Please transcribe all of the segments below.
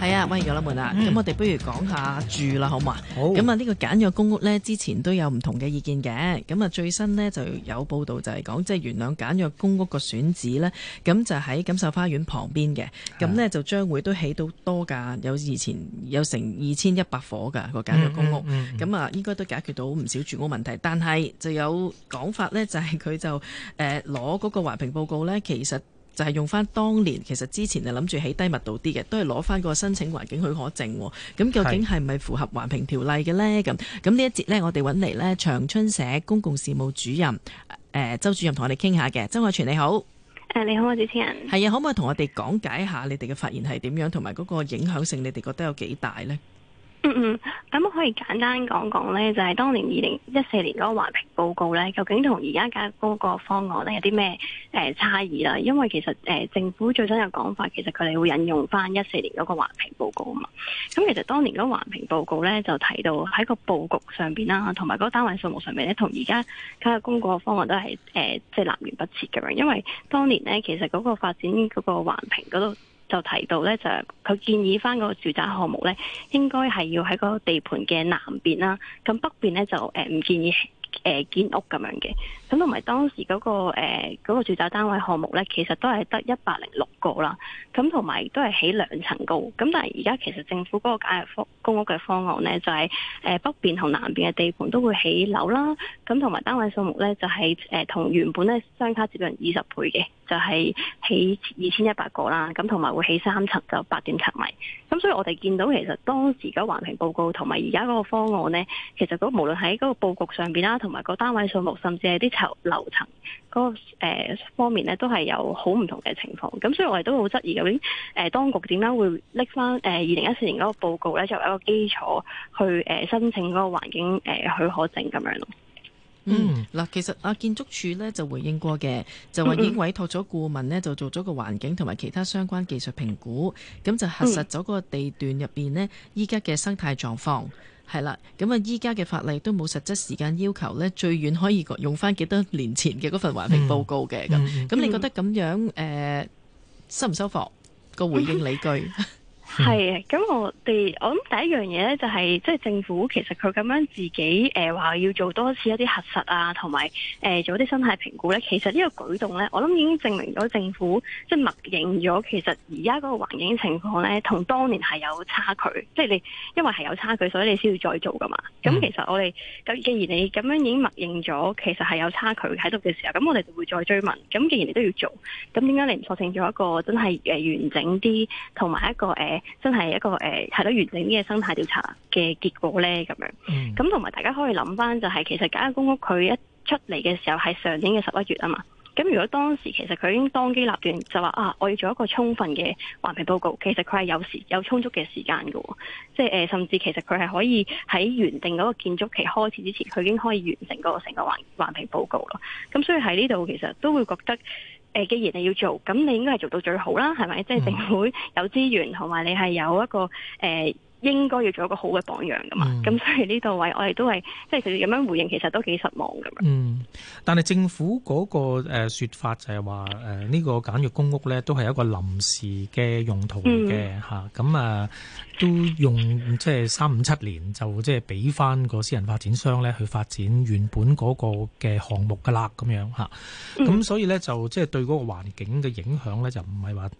係啊，歡迎各位觀眾啊！咁、嗯、我哋不如講下住啦，好嘛？好咁啊，呢個簡約公屋呢，之前都有唔同嘅意見嘅。咁啊，最新呢就有報道就係講，即、就、係、是、元朗簡約公屋個選址呢，咁就喺錦繡花園旁邊嘅。咁呢的，就將會都起到多價，有以前有成二千一百伙噶個簡約公屋。咁啊、嗯嗯嗯嗯，應該都解決到唔少住屋問題。但係就有講法呢，就係、是、佢就誒攞嗰個環評報告呢，其實。就係用翻當年，其實之前啊諗住起低密度啲嘅，都係攞翻個申請環境許可證。咁究竟係咪符合環評條例嘅呢？咁咁呢一節呢，我哋揾嚟呢長春社公共事務主任誒、呃、周主任同我哋傾下嘅。周藹銓你好。誒、啊、你好啊主持人，係啊，可唔可以同我哋講解下你哋嘅發言係點樣，同埋嗰個影響性你哋覺得有幾大呢？嗯嗯，咁可以簡單講講呢，就係、是、當年二零一四年嗰個環評報告呢，究竟同而家嘅嗰個方案呢有啲咩誒差異啦、啊？因為其實誒、呃、政府最新嘅講法，其實佢哋會引用翻一四年嗰個環評報告啊嘛。咁其實當年嗰個環評報告呢，就提到喺個佈局上邊啦，同埋嗰個單位數目上面呢，同而家今日公告嘅方案都係誒即係南轅北轍咁樣。因為當年呢，其實嗰個發展嗰個環評嗰度，就提到咧，就佢建議翻嗰個住宅項目咧，應該係要喺嗰個地盤嘅南邊啦，咁北邊咧就誒唔建議誒、呃、建屋咁樣嘅。咁同埋當時嗰、嗰個誒、呃嗰個、住宅單位項目咧，其實都係得一百零六個啦。咁同埋都係起兩層高。咁但係而家其實政府嗰個簡約公屋嘅方案咧，就係、係、誒北邊同南邊嘅地盤都會起樓啦。咁同埋單位數目咧就係誒同原本咧相差接近二十倍嘅。就係起二千一百個啦，咁同埋會起三層，就八點七米。咁所以我哋見到其實當時嗰環評報告同埋而家嗰個方案呢，其實嗰無論喺嗰個布局上邊啦，同埋個單位數目，甚至係啲層樓層個誒、呃、方面呢，都係有好唔同嘅情況。咁所以我哋都好質疑究竟誒，當局點解會拎翻誒二零一四年嗰個報告呢，作為一個基礎去誒申請嗰個環境誒許可證咁樣咯。Mm. 嗯，嗱，其實啊，建築署咧就回應過嘅，就話已經委託咗顧問咧，就做咗個環境同埋其他相關技術評估，咁就核實咗嗰個地段入邊呢，依家嘅生態狀況係啦。咁啊，依家嘅法例都冇實質時間要求呢，最遠可以用翻幾多年前嘅嗰份環評報告嘅咁。咁、mm. 你覺得咁樣誒、呃，收唔收貨？個回應理據？Mm. 係，咁 我哋我諗第一樣嘢咧，就係即係政府其實佢咁樣自己誒話、呃、要做多一次一啲核實啊，同埋誒做啲生態評估咧，其實呢個舉動咧，我諗已經證明咗政府即係默認咗，其實而家嗰個環境情況咧，同當年係有差距，即係你因為係有差距，所以你先要再做噶嘛。咁 其實我哋咁既然你咁樣已經默認咗，其實係有差距喺度嘅時候，咁我哋就會再追問。咁既然你都要做，咁點解你唔索性做一個真係誒完整啲，同埋一個誒？呃真係一個誒，係、呃、咯，睇到完整啲嘅生態調查嘅結果呢。咁樣。咁同埋，大家可以諗翻、就是，就係其實簡約公屋佢一出嚟嘅時候係上年嘅十一月啊嘛。咁如果當時其實佢已經當機立斷就話啊，我要做一個充分嘅環評報告。其實佢係有時有充足嘅時間噶，即係、呃、甚至其實佢係可以喺原定嗰個建築期開始之前，佢已經可以完成嗰個成個環環評報告咯。咁所以喺呢度其實都會覺得。誒，既然你要做，咁你應該係做到最好啦，係咪？即係政府有資源，同埋你係有一個誒。呃應該要做一個好嘅榜樣噶嘛，咁所以呢度位我哋都係即係其實咁樣回應，其實都幾失望㗎嘛。嗯，但係政府嗰個誒説法就係話誒呢個簡約公屋呢都係一個臨時嘅用途嚟嘅嚇，咁、嗯、啊都用即係三五七年就即係俾翻個私人發展商呢去發展原本嗰個嘅項目噶啦咁樣嚇，咁、嗯、所以呢，就即係對嗰個環境嘅影響呢，就唔係話，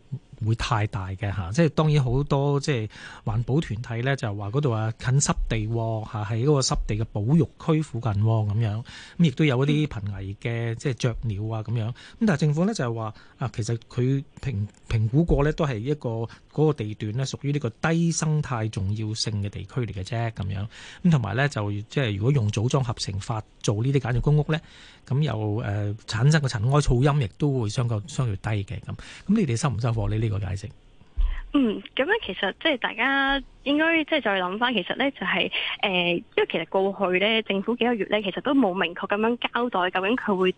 會太大嘅嚇、啊，即係當然好多即係環保團體咧就話嗰度啊近濕地喎，喺嗰個濕地嘅保育區附近喎咁、啊、樣，咁亦都有一啲瀕危嘅即係雀鳥啊咁樣，咁但係政府咧就係、是、話啊其實佢評評估過咧都係一個嗰、那個地段咧屬於呢屬於個低生態重要性嘅地區嚟嘅啫咁樣，咁同埋咧就即係如果用組裝合成法做呢啲簡約公屋咧，咁又誒產生個塵埃噪音亦都會相較相對低嘅咁，咁你哋收唔收貨你們？個解釋，嗯，咁樣其實即係大家應該即係再諗翻，其實呢就係、是、誒、呃，因為其實過去呢政府幾個月呢，其實都冇明確咁樣交代究竟佢會誒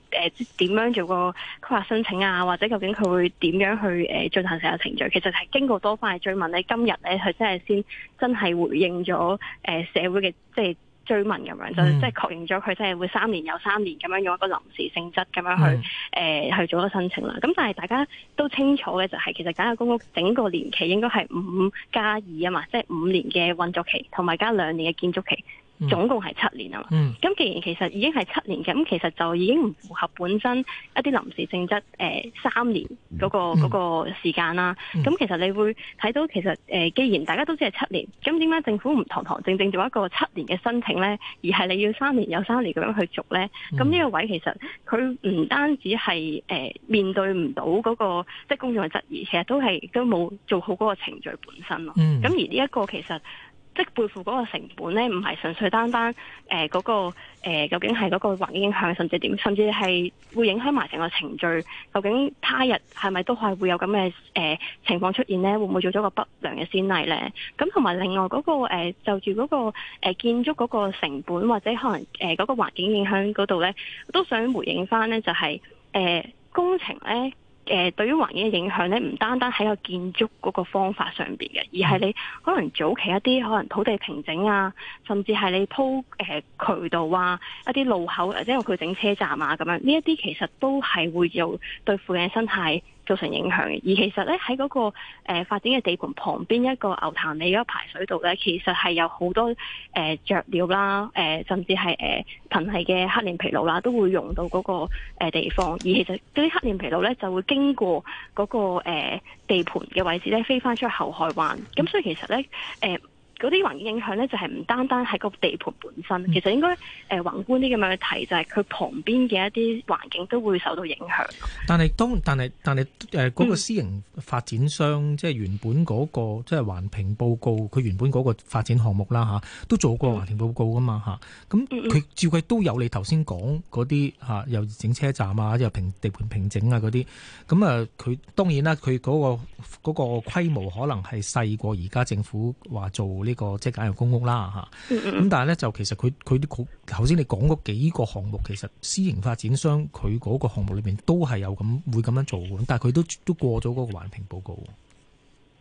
點、呃、樣做個規劃申請啊，或者究竟佢會點樣去誒、呃、進行成個程序？其實係經過多番嘅追問呢，今日呢，佢真係先真係回應咗誒、呃、社會嘅、呃、即係。追問咁樣就即、是、係確認咗佢，即係會三年又三年咁樣用一個臨時性質咁樣去誒、 呃、去做個申請啦。咁但係大家都清楚嘅就係、是，其實簡約公屋整個年期應該係五加二啊嘛，即係五年嘅運作期同埋加兩年嘅建築期。嗯、總共係七年啊嘛，咁、嗯、既然其實已經係七年，嘅，咁其實就已經唔符合本身一啲臨時性質誒三年嗰、嗰個嗰、嗯、個時間啦。咁、嗯、其實你會睇到其實誒、呃，既然大家都知係七年，咁點解政府唔堂堂正正做一個七年嘅申請呢？而係你要三年有三年咁樣去續呢？咁呢、嗯、個位其實佢唔單止係誒、呃、面對唔到嗰個即係公眾嘅質疑，其實都係都冇做好嗰個程序本身咯。咁、嗯、而呢一個其實。即係背負嗰個成本咧，唔係純粹單單誒嗰、呃嗰個、呃、究竟係嗰個環境影響，甚至點，甚至係會影響埋成個程序，究竟他日係咪都係會有咁嘅誒情況出現咧？會唔會做咗個不良嘅先例咧？咁同埋另外嗰、嗰個、呃、就住嗰、嗰個、呃、建築嗰個成本，或者可能誒嗰、呃嗰個環境影響嗰度咧，都想回應翻咧，就係、係、誒、呃、工程咧。誒、呃、對於環境嘅影響咧，唔單單喺個建築嗰個方法上邊嘅，而係你可能早期一啲可能土地平整啊，甚至係你鋪誒、呃、渠道啊，一啲路口，或者為佢整車站啊咁樣，呢一啲其實都係會有對附近嘅生態造成影響嘅，而其實咧喺嗰個誒、呃、發展嘅地盤旁邊一個牛潭尾嗰排水道咧，其實係有好多誒雀、呃、料啦，誒、呃、甚至係誒瀕危嘅黑臉琵鷺啦，都會用到嗰、那個、呃、地方，而其實嗰啲黑臉琵鷺咧就會經過嗰、那個、呃、地盤嘅位置咧，飛返出去後海灣，咁所以其實咧誒。呃嗰啲環境影響咧，就係唔單單係個地盤本身，其實應該誒宏觀啲咁樣去睇，就係佢旁邊嘅一啲環境都會受到影響。但係當但係但係誒嗰個私營發展商，嗯、即係原本嗰、嗰個即係環評報告，佢原本嗰個發展項目啦吓、啊，都做過環評報告㗎嘛吓，咁、啊、佢、嗯、照計都有你頭先講嗰啲嚇，又整車站啊，又平地盤平整啊嗰啲。咁啊，佢當然啦，佢嗰、嗰個嗰、嗰個嗰個、規模可能係細過而家政府話做呢、呢個。呢、這個即係簡約公屋啦，吓咁、嗯嗯、但係咧就其實佢佢啲局頭先你講嗰幾個項目，其實私營發展商佢嗰個項目裏邊都係有咁會咁樣做嘅，但係佢都都過咗嗰個環評報告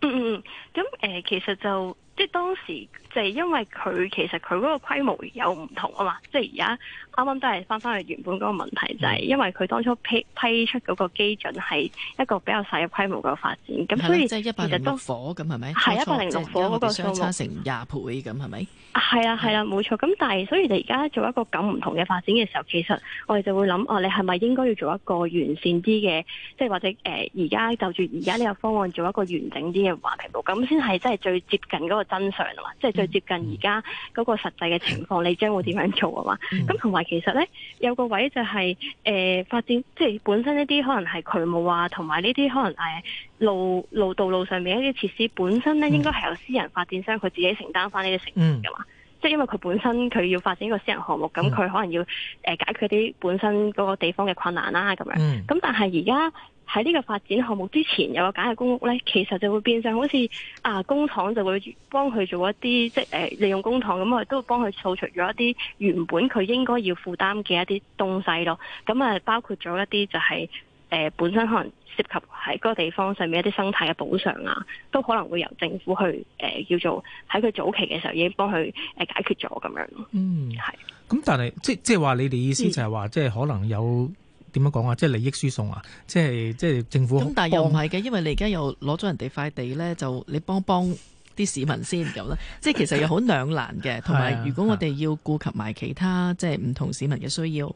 嗯。嗯嗯、咁、呃、誒，其實就即係當時就係因為佢其實佢嗰個規模有唔同啊嘛，即係而家。啱啱都係翻翻去原本嗰個問題，就係、是、因為佢當初批批出嗰個基準係一個比較細嘅規模嘅發展，咁、嗯、所以即其實當火咁係咪？係一百零六火嗰個相差成廿倍咁係咪？係啦係啦，冇吧、啊啊、錯。咁但係所以你而家做一個咁唔同嘅發展嘅時候，其實我哋就會諗哦、啊，你係咪應該要做一個完善啲嘅，即係或者誒而家就住而家呢個方案做一個完整啲嘅話題度，咁先係真係最接近嗰個真相啊嘛，即係、嗯、最接近而家嗰個實際嘅情況，嗯、你將會點樣做啊嘛？咁同埋。嗯其實呢，有個位就係、是、誒、呃、發展，即係本身一啲可能係渠務啊，同埋呢啲可能誒路路道路上面，一啲設施，本身呢應該係由私人發展商佢自己承擔翻呢啲成本噶嘛。嗯、即係因為佢本身佢要發展一個私人項目，咁佢可能要誒、呃、解決啲本身嗰個地方嘅困難啦、啊，咁樣。咁、嗯、但係而家。喺呢個發展項目之前有個簡約公屋呢，其實就會變相好似啊工廠就會幫佢做一啲即係、呃、利用工廠咁，我哋都幫佢掃除咗一啲原本佢應該要負擔嘅一啲東西咯。咁、哦、啊包括咗一啲就係、是、誒、呃、本身可能涉及喺嗰個地方上面一啲生態嘅補償啊，都可能會由政府去誒、呃、叫做喺佢早期嘅時候已經幫佢誒、呃、解決咗咁樣。嗯，係是。咁、嗯、但係即係即係話你哋意思就係話即係可能有。點樣講啊？即係利益輸送啊！即係即係政府咁，但係又唔係嘅，因為你而家又攞咗人哋塊地咧，就你幫幫啲市民先咁啦。 即係其實又好兩難嘅，同埋 如果我哋要顧及埋其他 即係唔同市民嘅需要。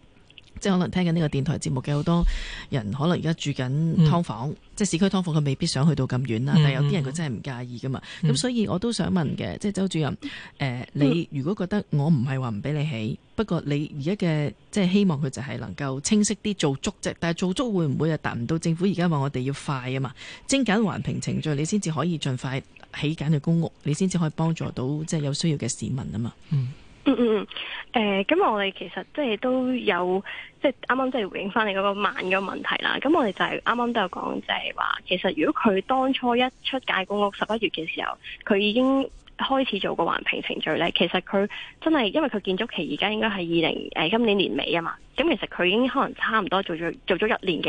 即係可能聽緊呢個電台節目嘅好多人，可能而家住緊劏房，嗯、即係市區劏房，佢未必想去到咁遠啦。嗯、但係有啲人佢真係唔介意噶嘛。咁、嗯、所以我都想問嘅，即係周主任，誒、呃，嗯、你如果覺得我唔係話唔俾你起，不過你而家嘅即係希望佢就係能夠清晰啲做足啫。但係做足會唔會又達唔到政府而家話我哋要快啊嘛？精簡環評程序，你先至可以盡快起緊嘅公屋，你先至可以幫助到即係有需要嘅市民啊嘛。嗯。嗯嗯嗯，誒，咁我哋其實即係都有，即係啱啱即係回應翻你嗰個慢嘅問題啦。咁我哋就係啱啱都有講，就係話其實如果佢當初一出簡約公屋十一月嘅時候，佢已經開始做個環評程序咧。其實佢真係因為佢建築期而家應該係二零誒今年年尾啊嘛。咁其實佢已經可能差唔多做咗做咗一年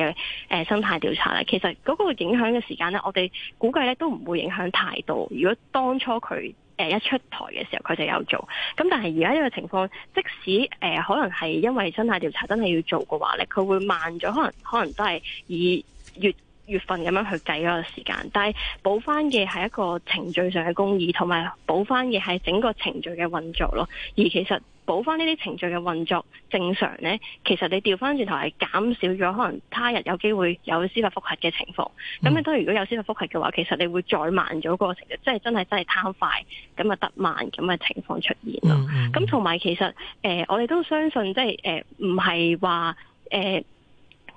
嘅誒生態調查啦。其實嗰個影響嘅時間咧，我哋估計咧都唔會影響太多。如果當初佢誒、呃、一出台嘅時候，佢就有做。咁但係而家呢個情況，即使誒可能係因為生態調查真係要做嘅話咧，佢會慢咗，可能可能，可能都係以月。月份咁樣去計個時間，但係補翻嘅係一個程序上嘅公義，同埋補翻嘅係整個程序嘅運作咯。而其實補翻呢啲程序嘅運作正常呢，其實你調翻轉頭係減少咗可能他日有機會有司法覆核嘅情況。咁你當然如果有司法覆核嘅話，其實你會再慢咗個程序，即係真係真係貪快咁啊，得慢咁嘅情況出現咯。咁同埋其實誒、呃，我哋都相信即係誒，唔係話誒。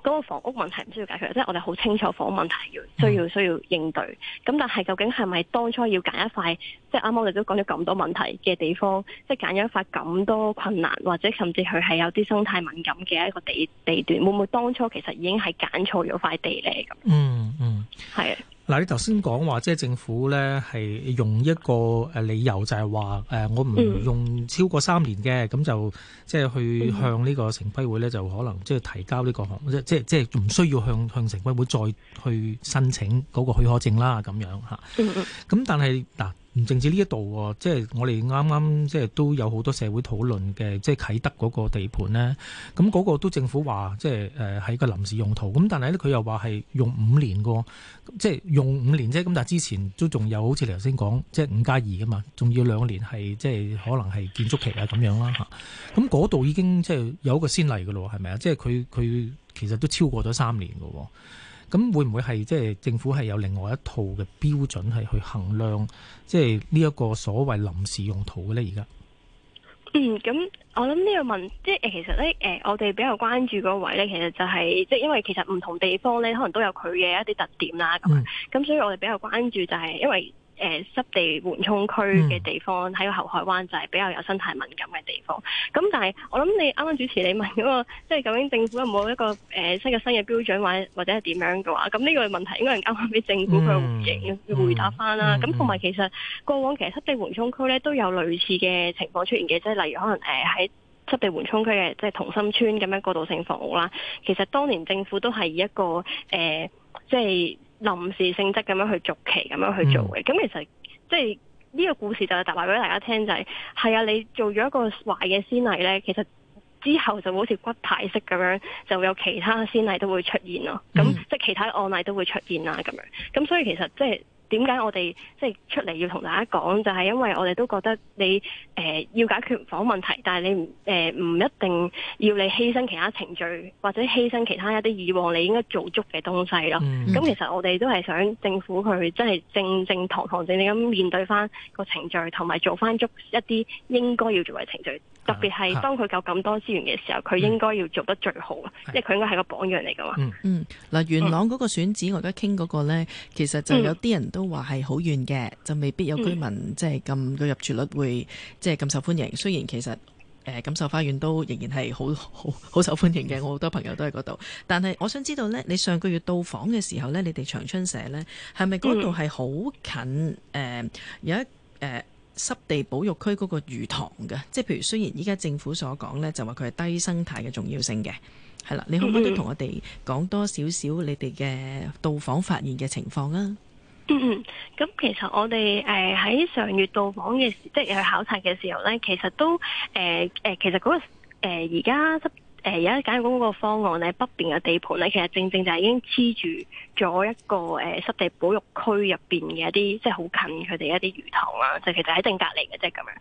咁個房屋問題唔需要解決，即係我哋好清楚房屋問題要需要需要應對。咁但係究竟係咪當初要揀一塊，即係啱啱我哋都講咗咁多問題嘅地方，即係揀咗一塊咁多困難或者甚至佢係有啲生態敏感嘅一個地地段，會唔會當初其實已經係揀錯咗塊地咧？咁嗯嗯，係、嗯。嗱，你頭先講話，即係政府咧係用一個誒理由就，就係話誒，我唔用超過三年嘅，咁、嗯、就即係去向呢個城規會咧，就可能即係提交呢、這個項，即即即唔需要向向城規會再去申請嗰個許可證啦，咁樣嚇。咁、嗯、但係嗱。唔淨止呢一度喎，即係我哋啱啱即係都有好多社會討論嘅，即係啟德嗰個地盤咧。咁嗰個都政府話，即係誒喺個臨時用途。咁但係咧，佢又話係用五年嘅，即係用五年啫。咁但係之前都仲有，好似你頭先講，即係五加二嘅嘛，仲要兩年係即係可能係建築期啊咁樣啦嚇。咁嗰度已經即係有一個先例嘅咯，係咪啊？即係佢佢其實都超過咗三年嘅喎。咁會唔會係即係政府係有另外一套嘅標準係去衡量即係呢一個所謂臨時用途嘅咧？而家，嗯，咁我諗呢個問，即係其實呢，誒、呃，我哋比較關注嗰位呢，其實就係、是、即係因為其實唔同地方呢，可能都有佢嘅一啲特點啦。嗯，咁所以我哋比較關注就係因為。誒濕地緩衝區嘅地方喺個後海灣就係比較有生態敏感嘅地方。咁、嗯、但係我諗你啱啱主持你問嗰個，即、就、係、是、究竟政府有冇一個誒、呃、新嘅新嘅標準或，或或者係點樣嘅話？咁呢個問題應該係啱啱俾政府去回應、回答翻啦。咁同埋其實過往其實濕地緩衝區咧都有類似嘅情況出現嘅，即係例如可能誒喺濕地緩衝區嘅即係同心村咁樣過渡性房屋啦。其實當年政府都係以一個誒、呃、即係。臨時性質咁樣去續期咁樣去做嘅，咁、嗯、其實即係呢、這個故事就係帶話俾大家聽，就係、是、係啊，你做咗一個壞嘅先例呢，其實之後就會好似骨牌式咁樣，就會有其他先例都會出現咯，咁、嗯、即係其他案例都會出現啦，咁樣，咁所以其實即係。點解我哋即係出嚟要同大家講，就係、是、因為我哋都覺得你誒、呃、要解決房問題，但係你誒唔、呃、一定要你犧牲其他程序，或者犧牲其他一啲以往你應該做足嘅東西咯。咁、嗯、其實我哋都係想政府去，真係正正堂堂正正咁面對翻個程序，同埋做翻足一啲應該要做嘅程序。特別係當佢有咁多資源嘅時候，佢應該要做得最好啊！即係佢應該係個榜樣嚟㗎嘛。嗯，嗱，元朗嗰個選址，我而家傾嗰個呢，其實就有啲人都話係好遠嘅，嗯、就未必有居民即係咁嘅入住率會即係咁受歡迎。雖然其實誒錦繡花園都仍然係好好好受歡迎嘅， 我好多朋友都喺嗰度。但係我想知道呢，你上個月到訪嘅時候呢，你哋長春社呢係咪嗰度係好近？誒、嗯呃、有一誒。呃濕地保育區嗰個魚塘嘅，即係譬如雖然依家政府所講呢，就話佢係低生態嘅重要性嘅，係啦，你可唔可以都同我哋講多少少你哋嘅到訪發現嘅情況啊？咁、 嗯嗯嗯嗯嗯嗯、其實我哋誒喺上月到訪嘅時，即係去考察嘅時候呢，其實都誒誒、呃，其實嗰、嗰個而家、呃誒而家講緊嗰個方案咧，北邊嘅地盤咧，其實正正就係已經黐住咗一個誒濕地保育區入邊嘅一啲，即係好近佢哋一啲魚塘啦，就其實喺正隔離嘅啫咁樣。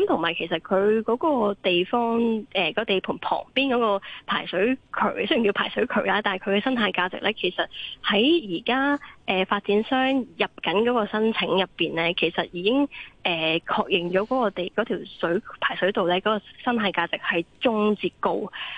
咁同埋其實佢嗰個地方，誒個地盤旁邊嗰個排水渠，雖然叫排水渠啦，但係佢嘅生態價值咧，其實喺而家。誒、呃、發展商入緊嗰個申請入邊呢，其實已經誒、呃、確認咗嗰個地嗰條水排水道呢，嗰、嗰個生態價值係中至高。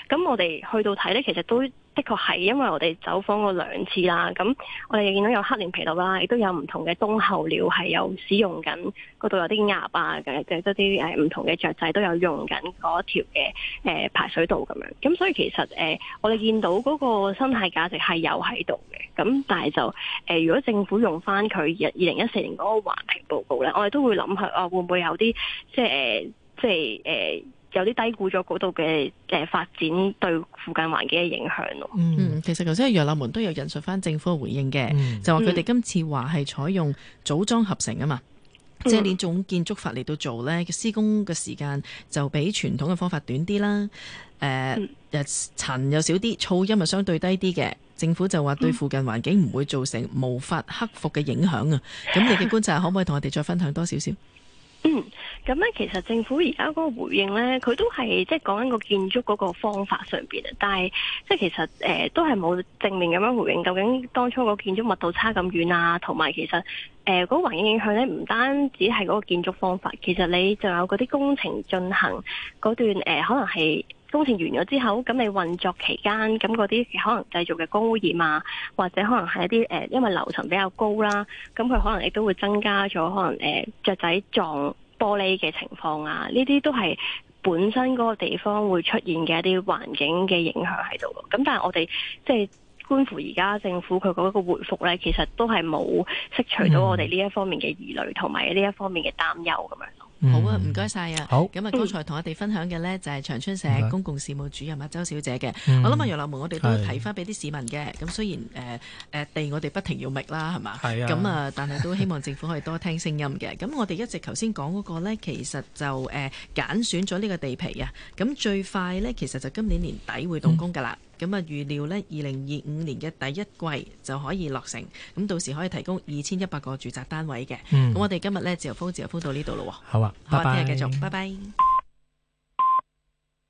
咁我哋去到睇呢，其實都。的確係，因為我哋走訪過兩次啦，咁我哋亦見到有黑臉琵鷺啦，亦都有唔同嘅冬候鳥係有使用緊嗰度，有啲鴨啊嘅，即係啲誒唔同嘅雀仔都有用緊嗰條嘅誒、呃、排水道咁樣。咁所以其實誒、呃，我哋見到嗰個生態價值係有喺度嘅。咁但係就誒、呃，如果政府用翻佢二零一四年嗰個環評報告咧，我哋都會諗下啊、呃，會唔會有啲即係、呃、即係誒？呃有啲低估咗嗰度嘅誒發展對附近環境嘅影響咯、哦。嗯，其實頭先楊立門都有引述翻政府嘅回應嘅，嗯、就話佢哋今次話係採用組裝合成啊嘛，嗯、即係呢種建築法嚟到做呢，施工嘅時間就比傳統嘅方法短啲啦。誒、呃，日、嗯、塵又少啲，噪音又相對低啲嘅。政府就話對附近環境唔會造成無法克服嘅影響啊。咁、嗯、 你嘅觀察可唔可以同我哋再分享多少少？嗯，咁咧其實政府而家嗰個回應咧，佢都係即係講緊個建築嗰個方法上邊啊，但係即係其實誒、呃、都係冇正面咁樣回應究竟當初個建築密度差咁遠啊，同埋其實誒嗰環境影響咧唔單止係嗰個建築方法，其實你仲有嗰啲工程進行嗰段誒、呃、可能係。工程完咗之後，咁你運作期間，咁嗰啲可能製造嘅光污染啊，或者可能係一啲誒、呃，因為樓層比較高啦，咁佢可能亦都會增加咗可能誒雀、呃、仔撞玻璃嘅情況啊，呢啲都係本身嗰個地方會出現嘅一啲環境嘅影響喺度咯。咁但係我哋即係觀乎而家政府佢嗰個回覆呢，其實都係冇釋除到我哋呢一方面嘅疑慮同埋呢一方面嘅擔憂咁樣。嗯、好啊，唔該晒啊！好，咁啊剛才同我哋分享嘅呢，就係、是、長春社公共事務主任啊周小姐嘅、嗯啊。我諗啊，楊立梅，我哋都睇翻俾啲市民嘅。咁的雖然誒誒、呃呃、地我哋不停要覓啦，係嘛，咁的啊，但係都希望政府可以多聽聲音嘅。咁 我哋一直頭先講嗰個呢，其實就誒揀、呃、選咗呢個地皮啊。咁最快呢，其實就今年年底會動工噶啦。嗯咁啊，預料咧，二零二五年嘅第一季就可以落成，咁到時可以提供二千一百個住宅單位嘅。咁、嗯、我哋今日咧自由風自由風到呢度咯。好啊，好啊，聽日繼續，拜拜。